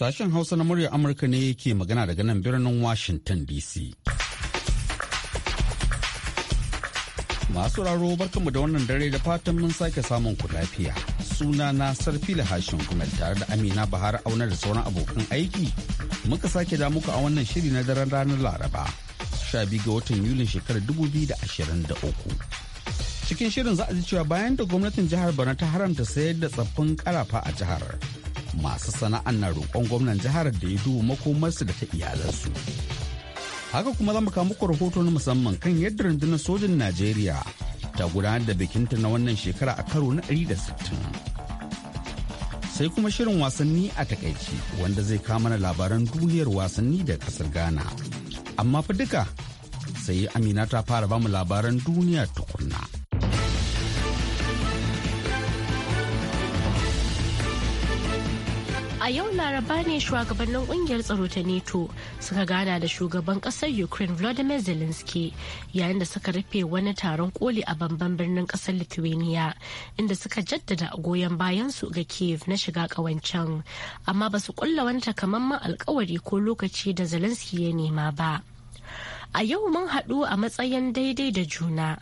Sashen Hausa na muryar Amurka ne ke magana daga nan birnin Washington DC. Masu raro barkanmu da wannan dare da fatan mun sake samun ku lafiya. Suna na da Hashin kuma tare da Amina Bahar Auna da sauran abokan aiki. Muka sake da muku a wannan shiri na daren ranar Laraba. Sha biyu ga watan Yulin shekarar 2023. cikin shirin za a ji cewa bayan da gwamnatin jihar Borno ta haramta sayar da tsaffin karafa a jihar masu sana'an na roƙon gwamnan jihar da ya duba makomarsu da ta iyalansu. Haka kuma za mu kawo muku rahoto na musamman kan yadda rundunar sojin Najeriya ta gudanar da bikinta na wannan shekara a karo na da sittin. sai kuma shirin wasanni a takaici wanda zai kama na labaran duniyar wasanni da kasar ghana amma fa duka sai amina ta fara bamu labaran duniya tukunna. A yau laraba ne shugabannin kungiyar tsaro ta NATO suka gana da shugaban kasar Ukraine Vladimir Zelensky yayin da suka rufe wani taron koli a bamban birnin kasar Lithuania inda suka jaddada goyon bayansu ga Kiev na shiga kawancan amma ba su kulla wani takamaiman alkawari ko lokaci da Zelensky ya nema ba. a yau mun haɗu a matsayin daidai da juna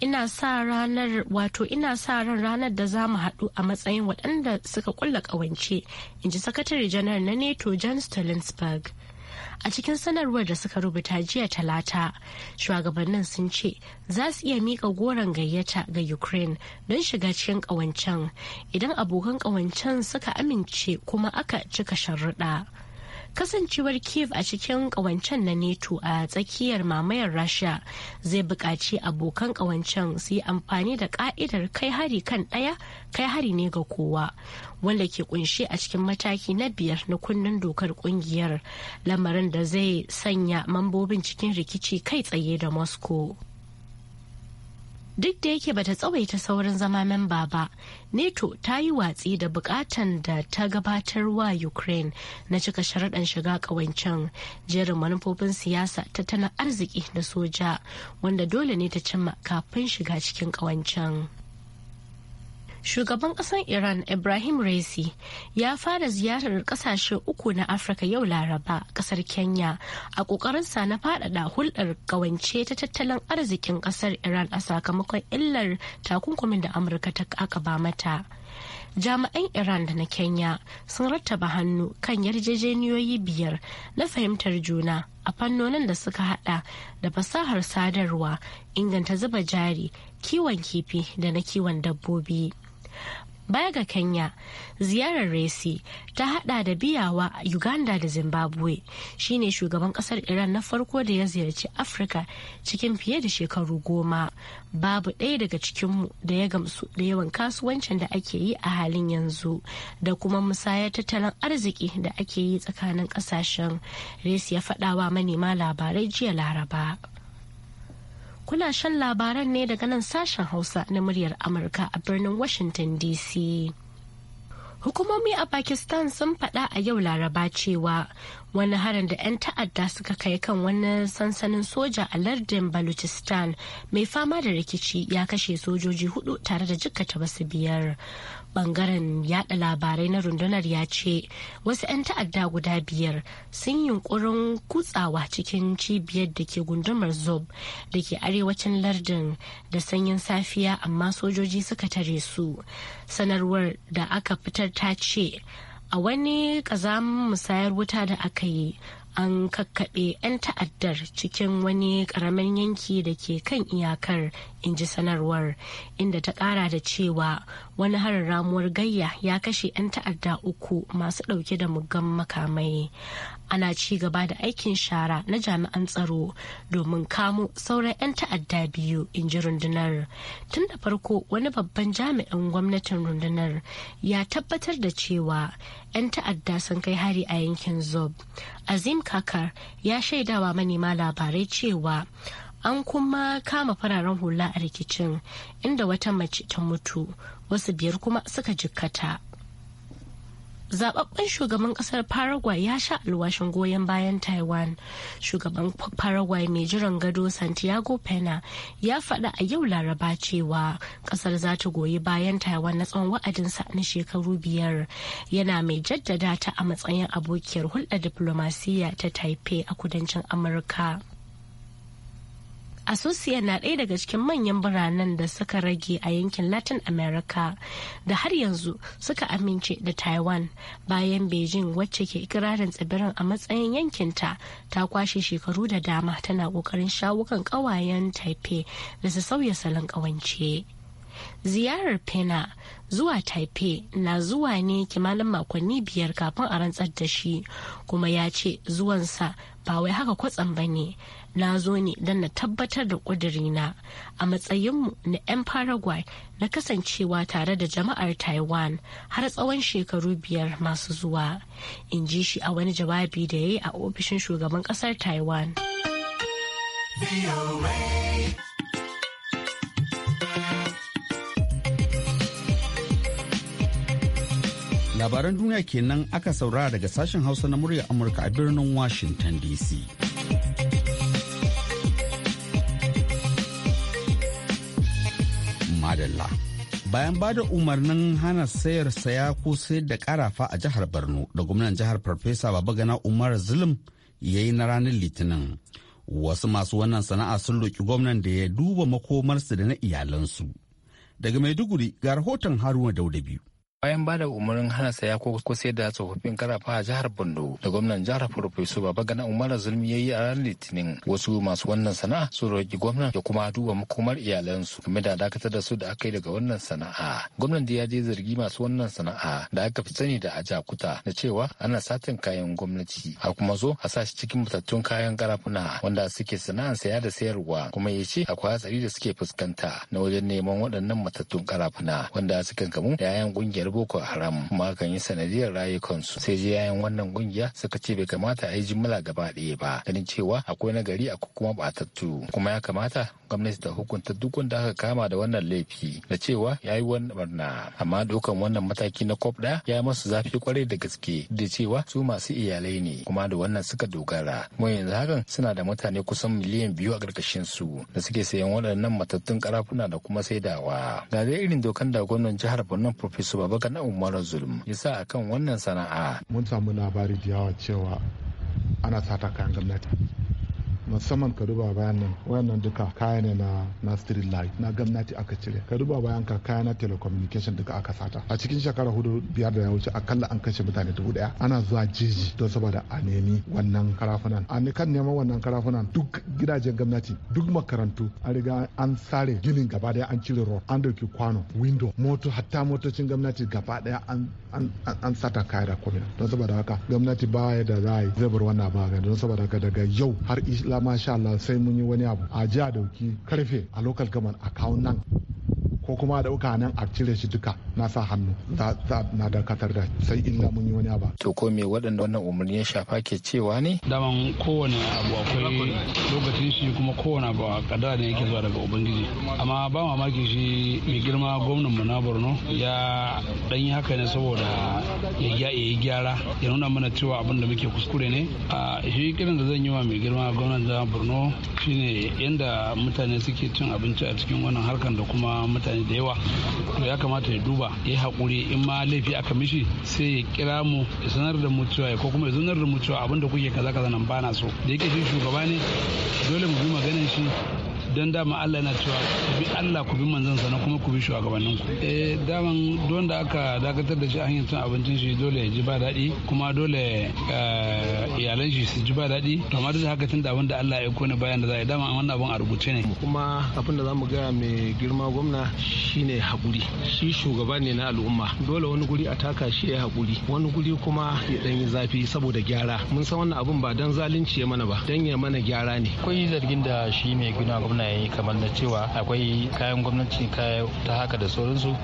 ina sa ranar wato ina sa ran ranar da za mu haɗu a matsayin waɗanda suka kulla ƙawance in ji sakatare janar na neto john stolensberg a cikin sanarwar da suka rubuta jiya talata shugabannin sun ce za su iya mika goron gayyata ga ukraine don shiga cikin ƙawancen idan abokan ƙawancen suka amince kuma aka cika sharuɗa. kasancewar kiev a cikin kawancen na neto a tsakiyar mamayar rasha zai buƙaci abokan kawancen su yi amfani da ka'idar kai hari kan ɗaya kai hari ne ga kowa wanda ke kunshe a cikin mataki na biyar na kunnen dokar kungiyar lamarin da zai sanya mambobin cikin rikici kai tsaye da moscow duk da yake bata tsawaita saurin zama memba ba nato ta yi watsi da bukatan da ta gabatar wa ukraine na cika sharaɗan shiga ƙawancen jerin manufofin siyasa tattalin arziki da soja wanda dole ne ta cimma kafin shiga cikin ƙawancen shugaban ƙasar iran ibrahim raisi ya fara ziyarar ƙasashe uku na afirka yau laraba ƙasar kenya a ƙoƙarinsa na faɗaɗa hulɗar ƙawance ta tattalin arzikin ƙasar iran a sakamakon illar takunkumin da amurka ta ba mata jami'an iran da na kenya sun rattaba hannu kan yarjejeniyoyi biyar na fahimtar juna a fannonin da suka hada da fasahar sadarwa inganta zuba jari kiwon kifi da na kiwon dabbobi. Baya ga Kenya, ziyarar Resi ta hada da biyawa a Uganda da Zimbabwe shine shugaban kasar Iran na farko da ya ziyarci Afirka cikin fiye da shekaru goma. Babu ɗaya daga cikinmu da ya gamsu da yawan kasuwancin da ake yi a halin yanzu da kuma musayar tattalin arziki da ake yi tsakanin kasashen Resi ya faɗawa manema labarai jiya Laraba. kuna shan labaran ne daga nan sashen Hausa na muryar Amurka a birnin Washington DC. Hukumomi a Pakistan sun faɗa a yau Laraba cewa wani harin da 'yan ta'adda suka kai kan wani sansanin soja a lardin baluchistan mai fama da rikici ya kashe sojoji hudu tare da jikkata wasu biyar bangaren yada labarai na rundunar ya ce wasu 'yan ta'adda guda biyar sun yunkurin kutsawa cikin cibiyar da ke gundumar zob da ke arewacin lardin da sanyin safiya amma sojoji suka tare su sanarwar da aka fitar ta ce a wani kazamin musayar wuta da aka yi an kakkaɓe 'yan ta'addar cikin wani ƙaramin yanki da ke kan iyakar in ji sanarwar inda ta ƙara da cewa wani harin ramuwar gayya ya kashe 'yan ta'adda uku masu ɗauke da muggan makamai ana ci gaba da aikin shara na jami'an tsaro domin kamo sauran 'yan ta'adda biyu in ji rundunar tun da farko wani babban jami'in gwamnatin rundunar ya tabbatar da cewa 'yan ta'adda sun kai hari a yankin zob azim kakar ya shaidawa manema labarai cewa an kuma kama fararen hula a rikicin inda wata mace ta mutu wasu biyar kuma suka jikkata. zababben shugaban kasar paraguay ya sha alwashin goyon bayan taiwan shugaban paraguay mai jiran gado santiago pena ya faɗa a yau laraba cewa kasar za ta goyi bayan taiwan na tsawon wa'adinsa na shekaru biyar yana mai jaddada ta a matsayin abokiyar hulɗar diflomasiyya ta taipei a kudancin amurka Asusiya na ɗaya daga cikin manyan biranen da suka rage a yankin Latin America da har yanzu suka amince da Taiwan bayan Beijing wacce ke ikirarin tsibirin a matsayin yankinta ta kwashe shekaru da dama tana ƙoƙarin shawukan kan ƙawayen Taipei da su sauya salon ƙawance. ziyarar pena zuwa taipei na zuwa ne kimanin makonni biyar kafin a rantsar da shi kuma ya ce zuwansa ba wai haka kwatsam ba ne na zo ne don na tabbatar da ƙudurina a matsayinmu na 'yan paraguay na kasancewa tare da jama'ar taiwan har tsawon shekaru biyar masu zuwa in ji shi a wani jawabi da ya yi a ofishin shugaban ƙasar taiwan. labaran duniya kenan aka saurara daga sashen hausa na murya amurka a birnin washington dc madalla bayan ba da umarnin hana sayar saya ko sayar da karafa a jihar borno da gwamnan jihar farfesa babagana umar zulum ya yi na ranar litinin wasu masu wannan sana'a sun roƙi gwamnan da ya duba makomarsu da na iyalansu daga maiduguri ga rahoton haruna dauda biyu bayan da umarnin hana saya ko sayar da tsofaffin karafa a jihar Borno da gwamnan jihar Farfesu Babagana Umar Zulmi ya yi a ranar Litinin wasu masu wannan sana'a sun roƙi gwamnan ya kuma duba makomar iyalansu game da dakatar da su da aka yi daga wannan sana'a. Gwamnan da ya je zargi masu wannan sana'a da aka fi sani da ajakuta da cewa ana satin kayan gwamnati a kuma zo a sashi cikin matattun kayan karafuna wanda suke sana'an saya da sayarwa kuma ya ce akwai hatsari da suke fuskanta na wajen neman waɗannan matattun karafuna wanda suka kamu da 'ya'yan ƙungiyar boko haram kuma yi sanadiyar rayukansu sai je yayin wannan kungiya suka ce bai kamata a yi jimla gaba ɗaya ba ganin cewa akwai nagari a kuma batattu kuma ya kamata gwamnati ta hukunta duk wanda aka kama da wannan laifi da cewa ya yi wani barna amma dukan wannan mataki na kwab ɗaya ya masu zafi kwarai da gaske da cewa su masu iyalai ne kuma da wannan suka dogara kuma yanzu hakan suna da mutane kusan miliyan biyu a ƙarƙashin su da suke sayan waɗannan matattun karafuna da kuma saidawa ga dai irin dokan da gwamnan jihar borno professor baba abubakar na umar zulum ya sa akan wannan sana'a mun samu labari da yawa cewa ana sata kayan gwamnati musamman ka duba bayan nan wayannan duka kaya ne na na street light na gwamnati aka cire ka duba bayan ka kaya na telecommunication duka aka sata a cikin shekara hudu biyar da ya wuce akalla an kashe mutane dubu daya ana zuwa jeji don saboda a nemi wannan karafunan a kan neman wannan karafunan duk gidajen gwamnati duk makarantu an riga an sare ginin gaba daya an cire road an dauki kwano window moto hatta motocin gwamnati gaba daya an an sata kaya da kwamina don saboda haka gwamnati ba da za a yi zabar wannan ba don saboda haka daga yau har islam masha Allah sai mun yi wani abu a ji a dauki karfe a local government a kawo nan ko kuma a dauka nan a cire shi duka na sa hannu za na dakatar da sai inda mun yi wani abu. To ko me waɗanda wannan umarni ya shafa ke cewa ne? Daman kowane abu akwai lokacin shi kuma kowane abu a kadara ne yake zuwa daga Ubangiji. Amma ba mamaki shi mai girma gwamnan mu na Borno ya dan yi haka ne saboda ya yi gyara ya nuna mana cewa abin da muke kuskure ne a shi kiran da zan yi wa mai girma gwamnan jihar borno shine yadda mutane suke cin abinci a cikin wannan harkar da kuma mutane da yawa to ya kamata ya duba ya hakuri in ma laifi aka mishi sai ya kira mu ya sanar da mu cewa ko kuma ya sanar da mu cewa abin da kuke kaza kaza nan bana so da yake shi shugaba ne dole mu bi maganar shi don dama Allah yana cewa ku bi Allah ku bi manzon sannan kuma ku bi shugabannin ku eh daman don da aka dakatar da shi a hanyar cin abincin shi dole ya ji ba daɗi kuma dole eh, iyalan shi su ji ba daɗi to amma duk haka tun da abin da Allah ya kone bayan da za a dama wannan abin a rubuce ne kuma abin da zamu ga mai girma gwamna shine hakuri shi shugaba ne na al'umma dole wani guri a taka shi ya hakuri wani guri kuma ya dan yi zafi saboda gyara mun san wannan abin ba dan zalunci ya mana ba dan ya mana gyara ne akwai zargin da shi mai gina gwamna yi kamar na cewa akwai kayan gwamnati kaya ta haka da sauransu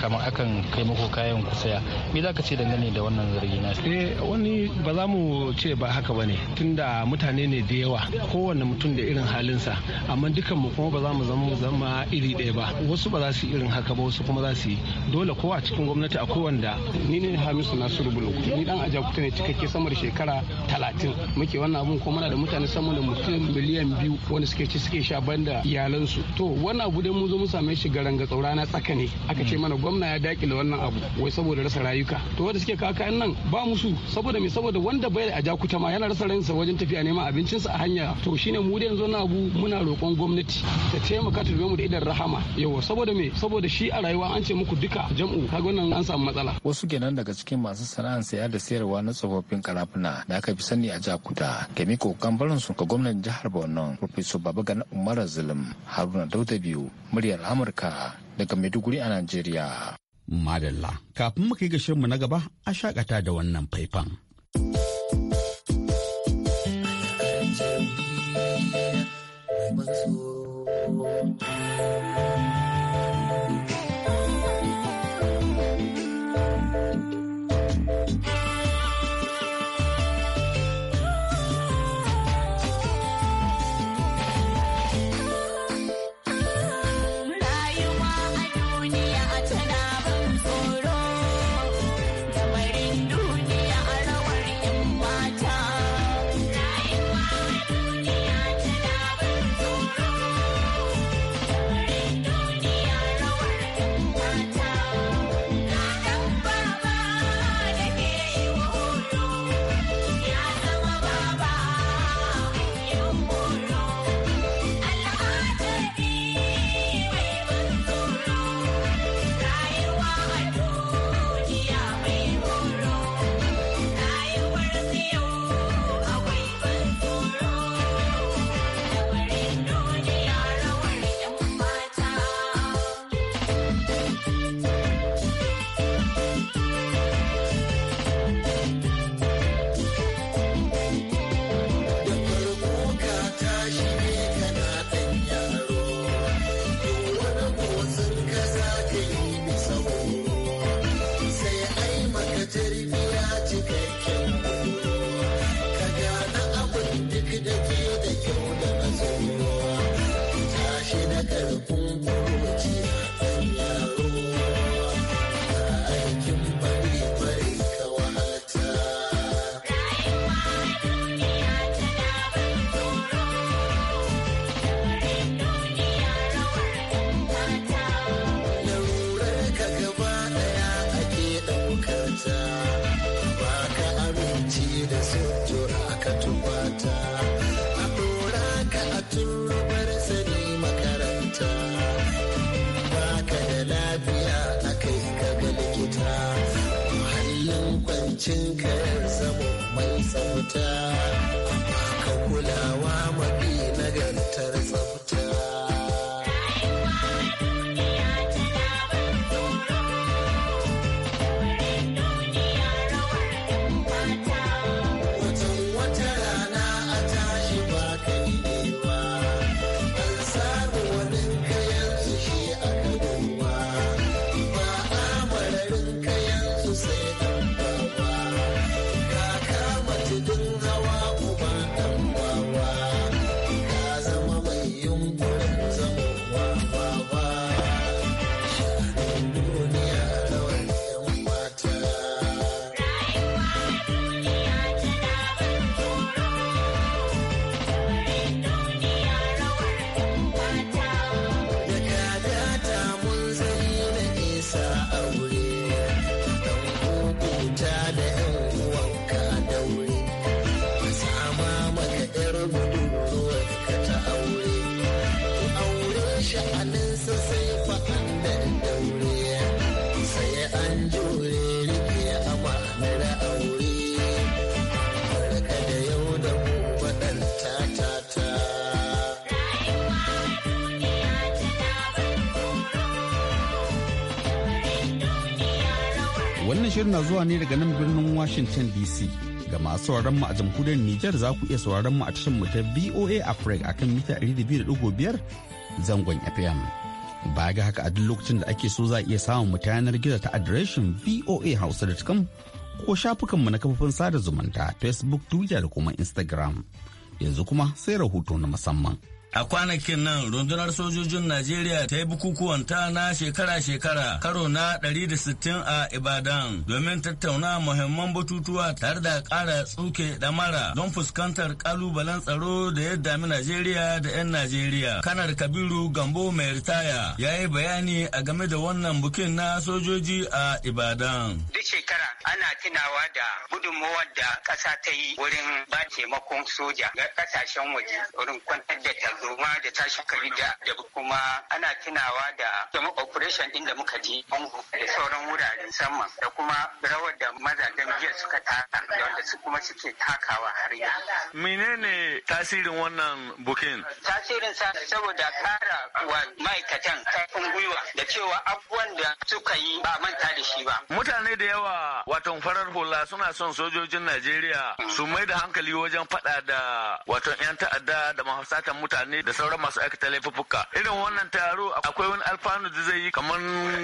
kamar akan kai muku kayan ku saya me za ka ce dangane da wannan zargi na eh wani ba za mu ce ba haka bane tunda mutane ne da yawa kowanne mutum da irin halinsa amma dukan mu kuma ba za mu zama zama iri ɗaya ba wasu ba za su yi irin haka ba wasu kuma za su yi dole ko a cikin gwamnati akwai wanda ni ne Hamisu Nasiru Bulunku ni dan ajakuta ne cikakke samar shekara talatin muke wannan abun ko muna da mutane sama da mutum miliyan biyu wanda suke ci suke sha banda da iyalansu to wannan abu dai mun zo mun same shi garanga tsaura na tsaka ne aka ce mm. mana gwamna ya dakile wannan abu wai saboda rasa rayuka to wanda suke kaka nan ba mu su saboda me saboda wanda bai da a jakuta ma yana rasa ransa wajen tafiya neman abincin sa a hanya to shine mu da yanzu na abu muna roƙon gwamnati ta taimaka ta mu da idan rahama yawa saboda me saboda shi a rayuwa an ce muku duka jam'u kaga wannan an samu matsala wasu kenan daga cikin masu sana'ar saya da sayarwa na tsofaffin karafuna da aka fi sani a jakuta kemiko kokan su ga gwamnan jihar Borno ga Babagana Umar zulum haruna dauda biyu muryar amurka daga maiduguri a najeriya madalla kafin mu yi ga na gaba a shakata da wannan faifan Thank shirin na zuwa ne daga nan birnin Washington DC. Ga masu sauraron mu a jamhuriyar Nijar za ku iya sauraron mu a tashar mu ta VOA Africa akan mita 200.5 zangon FM. ba ga haka a duk lokacin da ake so za a iya samun mu ta yanar gizo ta adireshin voahausa.com ko shafukanmu na kafofin sada zumunta Facebook, Twitter da kuma Instagram. Yanzu kuma sai rahoto na musamman. A kwanakin nan rundunar sojojin Najeriya ta yi bukukuwan ta na shekara-shekara karo na 160 a Ibadan domin tattauna muhimman batutuwa tare da ƙara tsuke da mara, don fuskantar ƙalubalen tsaro da ya dami Najeriya da 'yan Najeriya. Kanar Kabiru Gambo mai ritaya ya yi bayani a game da wannan bukin na sojoji a Ibadan. ana tunawa da gudunmawar da ƙasa ta yi wurin ba taimakon soja ga ƙasashen waje wurin kwantar da tarzoma da tashin kari da kuma ana tunawa da kuma operation din da muka je Congo da sauran wurare sama da kuma rawar da mazajen jiya suka taka da wanda su kuma suke takawa har ya. Menene tasirin wannan bukin? Tasirin sa saboda kara wa ma'aikatan kafin gwiwa da cewa abubuwan da suka yi ba manta da shi ba. Mutane da yawa Waton farar hula suna son sojojin Najeriya su mai da hankali wajen fada da watan 'yan ta'adda da mahasatan mutane da sauran masu aikata laifuka. Irin wannan taro akwai wani alfanu da zai yi kamar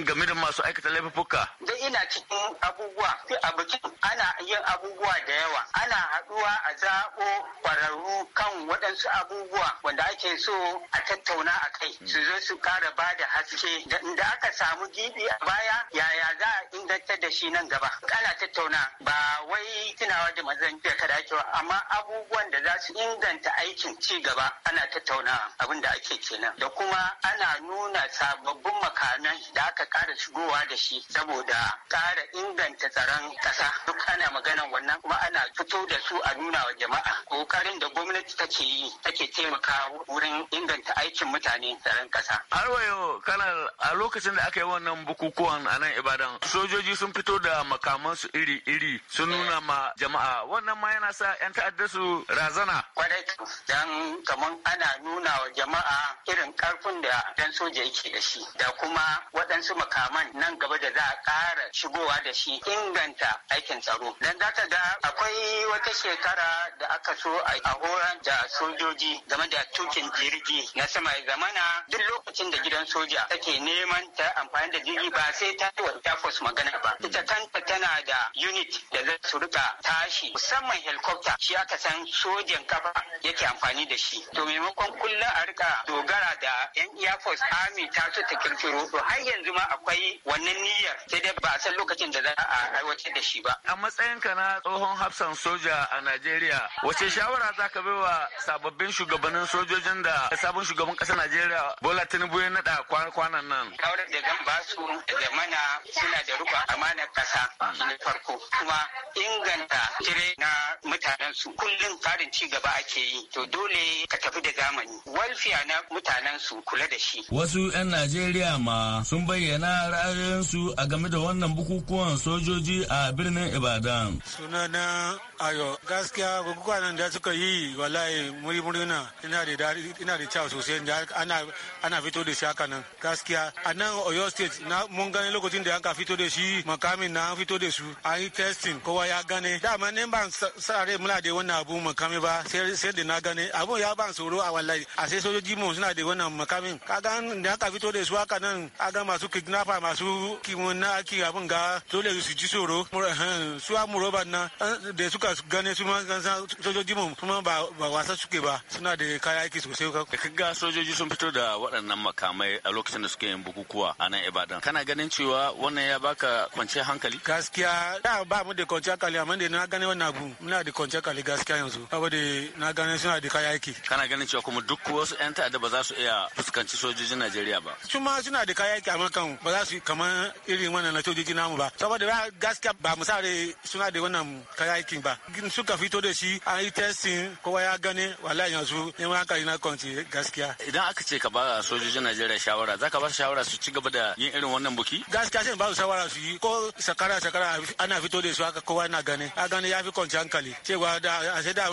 game da masu aikata laifuka. Da ina cikin abubuwa, a bikin ana yin abubuwa da yawa. Ana haɗuwa a zaɓo kwararru kan waɗansu abubuwa wanda ake so a tattauna a kai su zo su ƙara ba da haske da aka samu gibi a baya yaya za a inganta da shi nan gaba. ana tattauna ba wai tunawa da mazan jiya kada ake amma abubuwan da za su inganta aikin ci gaba ana tattauna abin da ake kenan da kuma ana nuna sababbin makamai da aka kara shigowa da shi saboda kara inganta tsaron kasa duk ana maganan wannan kuma ana fito da su a nuna wa jama'a kokarin da gwamnati take yi take taimaka wurin inganta aikin mutane tsaron kasa har kana a lokacin da aka yi wannan bukukuwan a nan ibadan sojoji sun fito da makamai su iri-iri sun eh. nuna ma jama'a wannan ma yana sa 'yan ta'adda su razana. Kwarai dan kamar ana nuna wa jama'a irin karfin da dan soja yake da shi da kuma waɗansu makaman nan gaba da za a ƙara shigowa da shi inganta aikin tsaro. Dan za ta ga akwai wata shekara da aka so a horar da sojoji game da tukin jirgi na sama ya zamana duk lokacin da gidan soja take neman ta amfani da jirgi ba sai ta yi wa magana ba. Ita kanta tana Ana da unit da za su rika tashi musamman helicopter shi aka san sojan kafa yake amfani da shi to maimakon kullum a rika dogara da yan air force army ta su ta kirkiro to har yanzu ma akwai wannan niyyar sai dai ba a san lokacin da za a aiwatar da shi ba a matsayin na tsohon hafsan soja a najeriya wace shawara za ka wa sababbin shugabannin sojojin da sabon shugaban ƙasar najeriya bola tinubu ya naɗa kwanan nan. Kawar da gan ba su zamana suna da ruba amanar kasa. na farko kuma inganta tire na mutanen su kullum karin ci gaba ake yi to dole ka tafi da zamani walfiya na mutanen su kula da shi wasu 'yan najeriya ma sun bayyana ra'ayoyinsu a game da wannan bukukuwan sojoji a birnin ibadan sunana ayo gaskiya bukukuwan da suka yi wallahi muri murna ina da ina da kyau sosai ana ana fito da shi haka nan gaskiya anan oyo state na mun gani lokacin da aka fito da shi makamin na fito da su a yi testing kowa ya gane dama ne ban sare rai muna da wannan abu makami ba sai da na gane abu ya ban tsoro a wallahi a sai sojoji mu suna da wannan makamin ga da aka fito da su aka nan kaga masu kidnapper masu kimon na aki abun ga dole su ji tsoro eh, su mu roba na eh, da suka gane su ma sojoji mu kuma ba wasa suke ba suna da kaya aiki sosai ka ga sojoji sun fito da waɗannan makamai a lokacin da suke yin bukukuwa a nan Ibadan kana ganin cewa wannan ya baka kwanciyar hankali gaskiya gaskiya da ba mu da kwanciyar kali amma da na gane wannan abu muna da kwanciyar kali gaskiya yanzu abu da na gane suna da kaya aiki kana ganin cewa kuma duk wasu yan ta'adda ba za su iya fuskanci sojojin Najeriya ba su ma suna da kaya aiki amma kan ba za su kamar irin wannan na sojoji namu ba saboda ba gaskiya ba mu sare suna da wannan kaya aikin ba suka fito da shi an yi testing kowa ya gane wallahi yanzu in hankali na kwanci gaskiya idan aka ce ka ba sojojin Najeriya shawara za ka ba su shawara su ci gaba da yin irin wannan buki gaskiya sai ba su shawara su yi ko sakara sakara ana fito da su haka kowa na gane a gane ya fi kwanci hankali cewa da a sai da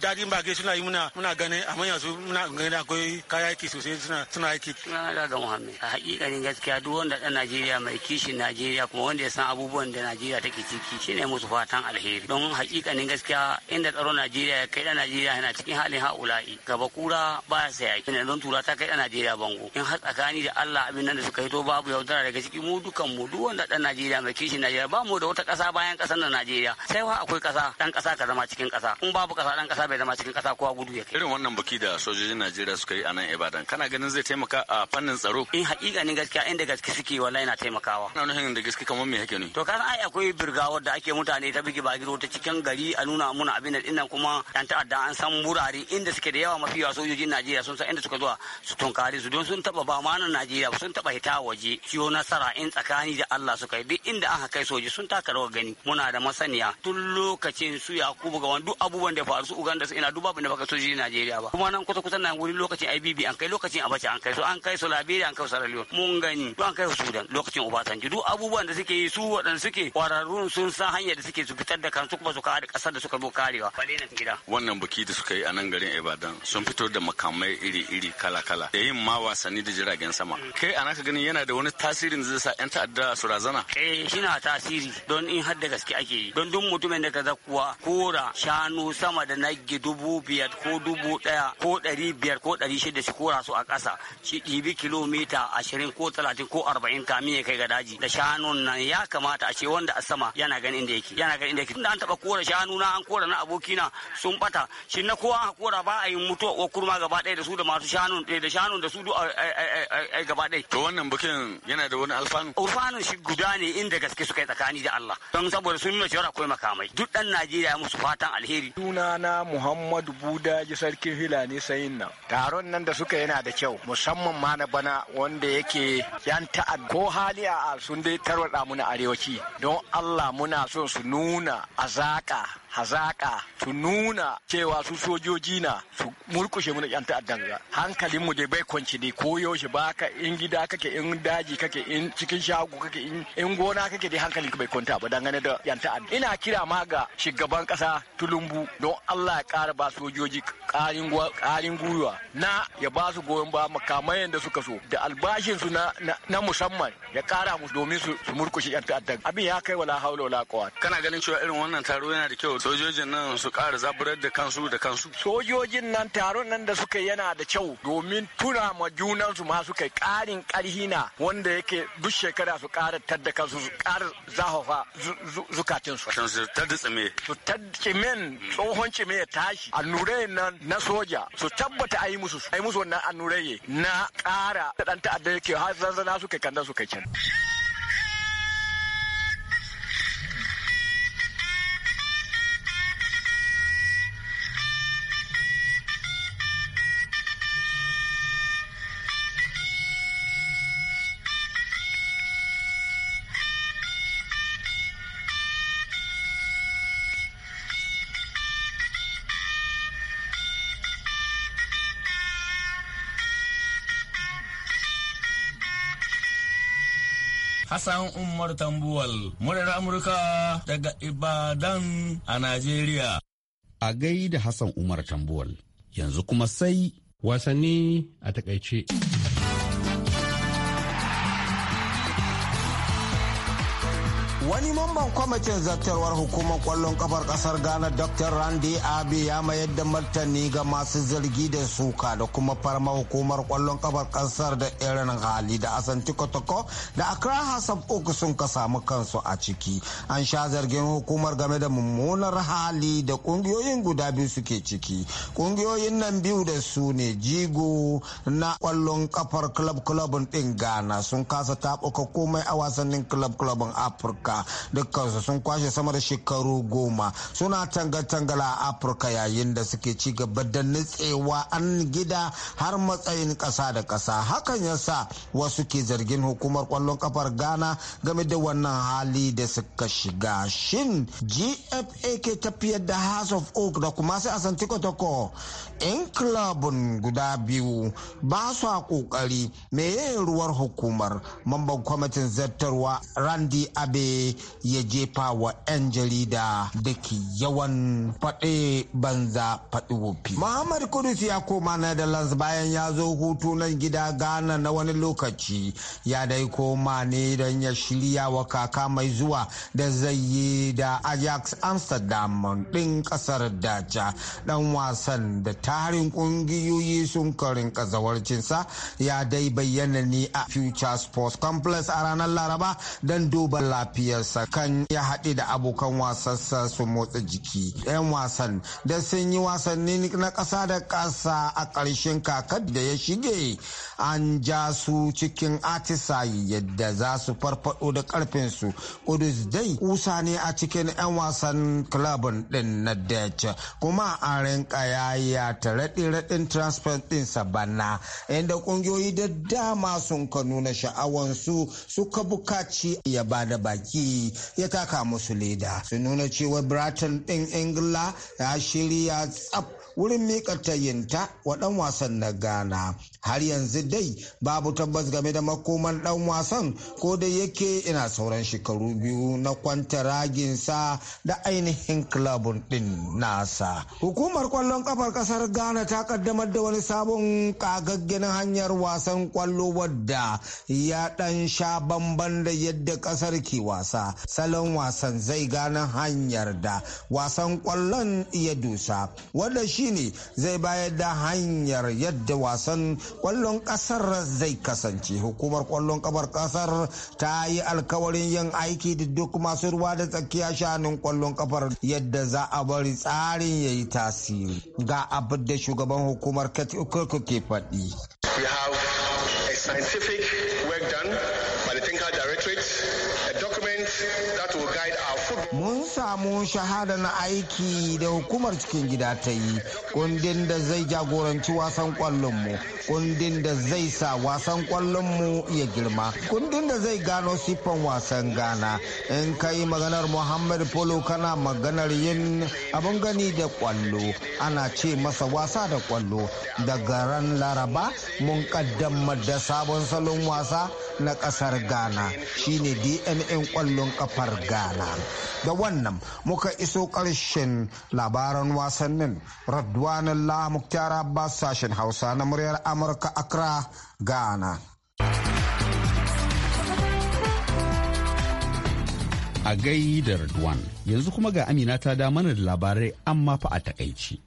dadin baki suna yi muna muna gane amma yanzu muna gane akwai kaya aiki sosai suna suna aiki suna da ga muhammed a hakikanin gaskiya duk wanda dan najeriya mai kishin najeriya kuma wanda ya san abubuwan da najeriya take ciki shine musu fatan alheri don hakikanin gaskiya inda tsaron najeriya ya kai da najeriya yana cikin halin haula'i gaba kura ba ya saya kina don tura ta kai da najeriya bango in har tsakani da allah abin nan da suka hito babu yaudara daga ciki mu dukan mu duk wanda dan najeriya mai kishin najeriya ba mu mu da wata ƙasa bayan ƙasar na Najeriya sai wa akwai ƙasa dan ƙasa ka zama cikin kasa in babu ƙasa dan kasa bai zama cikin ƙasa kowa gudu ya kai irin wannan baki da sojojin Najeriya suka yi a nan Ibadan kana ganin zai taimaka a fannin tsaro in haƙiƙa ne gaskiya inda gaskiya suke wallahi na taimakawa ina nufin da gaskiya kamar me yake ne to kasan ai akwai birgawar da ake mutane ta bigi giro ta cikin gari a nuna muna abin da dinnan kuma an ta'adda an san wurare inda suke da yawa mafi yawa sojojin Najeriya sun san inda suka zuwa su tunkare su don sun taba ba ma Najeriya sun taba hita waje ciyo nasara in tsakani da Allah suka yi duk inda aka kai soji sun taka rawar gani muna da masaniya tun lokacin su kuma ga wani duk abubuwan da faru su uganda su ina duk babu da baka sojoji najeriya ba kuma nan kusa kusa nan wurin lokacin ibb an kai lokacin abacha an kai su an kai su liberia an kai su sierra mun gani duk an kai su sudan lokacin obasanjo duk abubuwan da suke yi su waɗanda suke kwararrun sun san hanyar da suke su fitar da kansu kuma su kare ƙasar da suka zo karewa bale nan gida wannan biki da suka yi a nan garin ibadan sun fito da makamai iri-iri kala-kala da yin ma wasanni da jiragen sama mm. kai ana ka ganin yana da wani tasirin zai sa 'yan ta'adda su razana eh shi na tasiri tasiri don in har da gaske ake yi don duk mutumin da ka zakuwa kora shanu sama da nagi dubu biyar ko dubu daya ko dari biyar ko dari shida su kora su a ƙasa shi ɗibi kilomita ashirin ko talatin ko arba'in kamin ya kai ga daji da shanun nan ya kamata a ce wanda a sama yana ganin inda yake yana ganin inda yake tunda an taɓa kora shanu na an kora na abokina sun bata shi na kowa kora ba a yi mutuwa ko kurma gaba ɗaya da su da masu shanun eh, da shanun da su duk gaba ɗaya. to wannan bukin yana da wani alfanu. alfanun shi guda ne inda gaske suka yi tsakani. amfani da Allah don saboda sun nuna cewa akwai makamai duk dan Najeriya musu fatan alheri Suna sunana Muhammadu Budaji sarkin Hilani sayin nan taron nan da suka yana da kyau musamman ma na bana wanda yake yan ta'ad ko hali a sun dai tarwada mu arewaci don Allah muna son su nuna azaka hazaƙa su nuna cewa su sojoji na su murkushe mu da yan ta'addan ga hankalin mu da bai kwanci ne ko shi ba ka in gida kake in daji kake in cikin shago kake in gona kake dai hankalin ka bai kwanta ba dangane da yan ta'adda ina kira ma ga shugaban kasa tulumbu don Allah ya kara ba sojoji ƙarin gwiwa na ya ba su goyon ba makamai yadda suka so da albashinsu na musamman ya kara musu domin su murkushe yan ta'adda abin ya kai wala haula wala quwwata kana ganin cewa irin wannan taro yana da kyau sojojin nan su ƙara zaburar da kansu da kansu sojojin nan taron nan da suka yana da kyau domin tuna ma junan su ma suka ƙarin ƙarhi na wanda yake duk shekara su ƙara tadda kansu su ƙara zahafa zukatun su tadda tsime su tadda tsimen tsohon tsime ya tashi A nan na soja su tabbata a yi musu a yi musu wannan annurai na ƙara da ɗan ta'adda yake har zanzana suka kanda kai can. Hassan Umar Tambuwal, muryar Amurka daga Ibadan a Najeriya. A gaida Hassan Umar Tambuwal, yanzu kuma sai wasanni a takaice. wani mamban kwamitin zartarwar hukumar kwallon kafar kasar ghana dr randy abi ya mayar da martani ga masu zargi da suka da kuma farma hukumar kwallon kafar kasar da irin hali da asanti kotoko da accra hassan uku sun ka samu kansu a ciki an sha zargin hukumar game da mummunar hali da kungiyoyin guda biyu suke ciki kungiyoyin nan biyu da su ne jigo na kwallon kafar club club din ghana sun kasa taɓuka komai a wasannin club club afirka dukkansu sun kwashe sama da shekaru goma suna tanga-tangala a afirka yayin da suke ci gaba da nutsewa an gida har matsayin ƙasa da ƙasa hakan ya sa wasu ke zargin hukumar kwallon kafar ghana game da wannan hali da suka shiga shin gfa ke tafiyar da house of oak da kuma sai a asantikotoko 'yan kilabun guda biyu ba su kokari meye ruwar hukumar mamban kwamitin zartarwa randy abe ya jefa wa 'yan jarida da ke yawan faɗe banza faɗi wofi muhammad kudus ya koma netherlands bayan ya zo hutu nan gida ghana na wani lokaci ya dai koma ne don ya shirya wa kaka mai zuwa da zai yi da ajax amsterdam ɗin ƙasar daja ɗan wasan da ta tarin kungiyoyi sun karin kazawarcinsa ya dai bayyana ne a future sports complex a ranar laraba don duba lafiyarsa kan ya haɗe da abokan wasansa su motsa jiki 'yan wasan da sun yi wasanni na ƙasa da ƙasa a ƙarshen kakar da ya shige an ja su cikin atisayi yadda za su farfado da ƙarfinsu kudus dai kusa ne a cikin 'yan wasan klabin ɗin na kuma a rinka yaya ta raɗe-raɗin transport ɗin sabanna inda ƙungiyoyi da dama sun ka nuna sha'awansu suka bukaci ya ba da baki ya taka musu leda su nuna cewa Brighton ɗin Ingila ya shirya tsab wurin miƙa tayinta waɗan wasan na Ghana har yanzu dai babu tabbas game da makoman dan wasan ko da yake ina sauran shekaru biyu na kwanta raginsa da ainihin klabun din nasa hukumar kwallon kafar kasar ghana ta kaddamar da wani sabon kagaggen hanyar wasan kwallo wadda ya dan sha bamban da yadda kasar ke wasa salon wasan zai gane hanyar da wasan kwallon ya dusa wanda shine zai bayar da hanyar yadda wasan kwallon kasar zai kasance hukumar kwallon ƙafar kasar ta yi alkawarin yin aiki da duk masu ruwa da tsakiya shanun kwallon kafar yadda za a bari tsarin ya yi tasiri ga abin da shugaban hukumar ke faɗi. We have a scientific work done mun samu shahada na aiki da hukumar cikin gida ta yi kundin da zai jagoranci wasan kwallonmu kundin da zai sa wasan mu ya girma kundin da zai gano siffan wasan gana. in ka maganar muhammad polo kana maganar yin abin gani da kwallo ana ce masa wasa da kwallo daga ran laraba mun kaddamar da sabon salon wasa na kasar ghana shine dnn kwallon kafar ghana da wannan muka iso karshen labaran wasannin radwanan la muktar sashen hausa na muryar amurka accra ghana a gaidar Radwan. Yanzu kuma ga Amina ta da mana da labarai amma fa a takaici.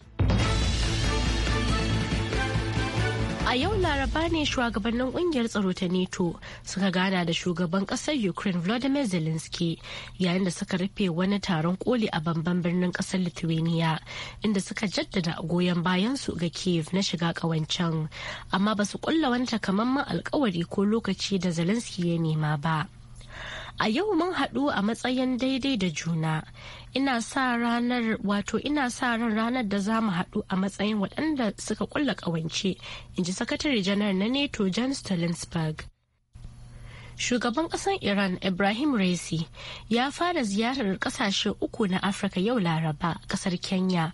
a yau laraba ne shugabannin kungiyar tsaro ta NATO suka gana da shugaban kasar Ukraine Vladimir Zelensky yayin da suka rufe wani taron koli a bamban birnin kasar Lithuania inda suka jaddada goyon bayan su ga Kiev na shiga kawancan amma ba su kulla wani takamaiman alkawari ko lokaci da Zelensky ya nema ba. a yau mun haɗu a matsayin daidai da juna ina sa ranar wato ina sa ran ranar da za mu haɗu a matsayin waɗanda suka kulla ƙawance in ji sakatare janar na neto john stolensberg shugaban ƙasar iran ibrahim raisi ya fara ziyarar ƙasashe uku na afirka yau laraba ƙasar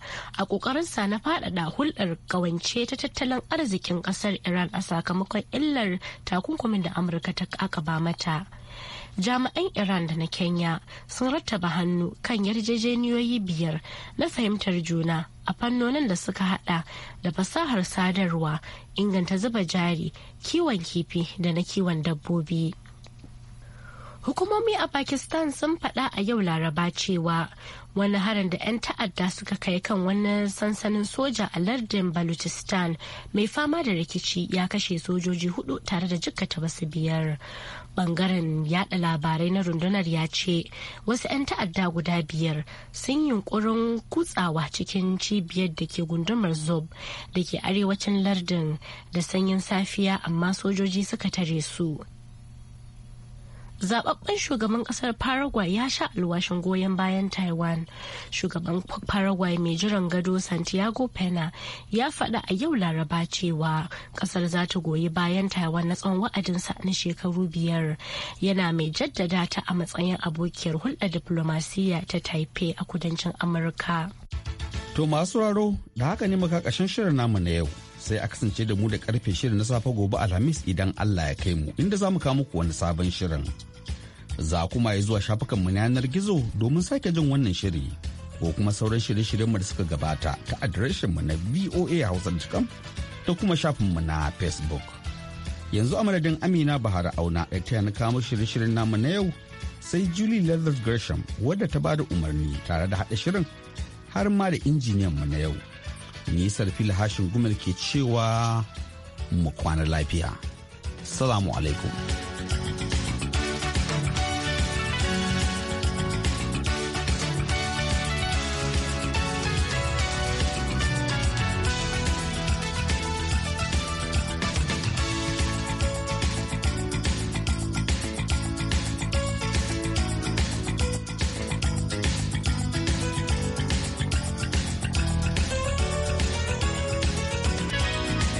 kenya a ƙoƙarinsa na faɗaɗa hulɗar ƙawance ta tattalin arzikin ƙasar iran a sakamakon illar takunkumin da amurka ta ƙaƙaba mata jami'an iran da na kenya sun rattaba hannu kan yarjejeniyoyi biyar na fahimtar juna a fannonin da suka hada da fasahar sadarwa inganta zuba jari kiwon kifi da na kiwon dabbobi. Hukumomi a Pakistan sun faɗa a yau Laraba cewa wani harin da 'yan ta'adda suka kai kan wani sansanin soja a lardin Baluchistan mai fama da rikici ya kashe sojoji hudu tare da jikkata wasu biyar. Bangaren yada labarai na rundunar ya ce wasu 'yan ta'adda guda biyar sun yunkurin kutsawa cikin cibiyar da ke gundumar Zob da ke arewacin lardin da sanyin safiya amma sojoji suka tare su. zababben shugaban kasar paraguay ya sha alwashin goyon bayan taiwan shugaban paraguay mai jiran gado santiago pena ya faɗa a yau laraba cewa kasar za ta goyi bayan taiwan na tsawon wa'adinsa na shekaru biyar yana mai jaddada ta a matsayin abokiyar hulɗar diplomasiya ta taipei a kudancin amurka to masu raro da haka ne muka ƙashin shirin namu na yau sai a kasance da mu da karfe shirin na safe gobe alhamis idan Allah ya kai mu inda za mu kawo muku wani sabon shirin. Za kuma ya zuwa shafukanmu na yanar gizo domin sake jin wannan shiri ko kuma sauran shirye mu da suka gabata ta mu na voa hausa.com da kuma shafin mu na facebook. Yanzu a madadin Amina Bahara Auna da ta na kamo shirye-shiryen namu na yau sai Julie Leather Gresham wadda ta ba da umarni tare da haɗa shirin har ma da injiniyan mu na yau. Nisar fil hashin gumal ke cewa mu kwana lafiya. Salamu alaikum.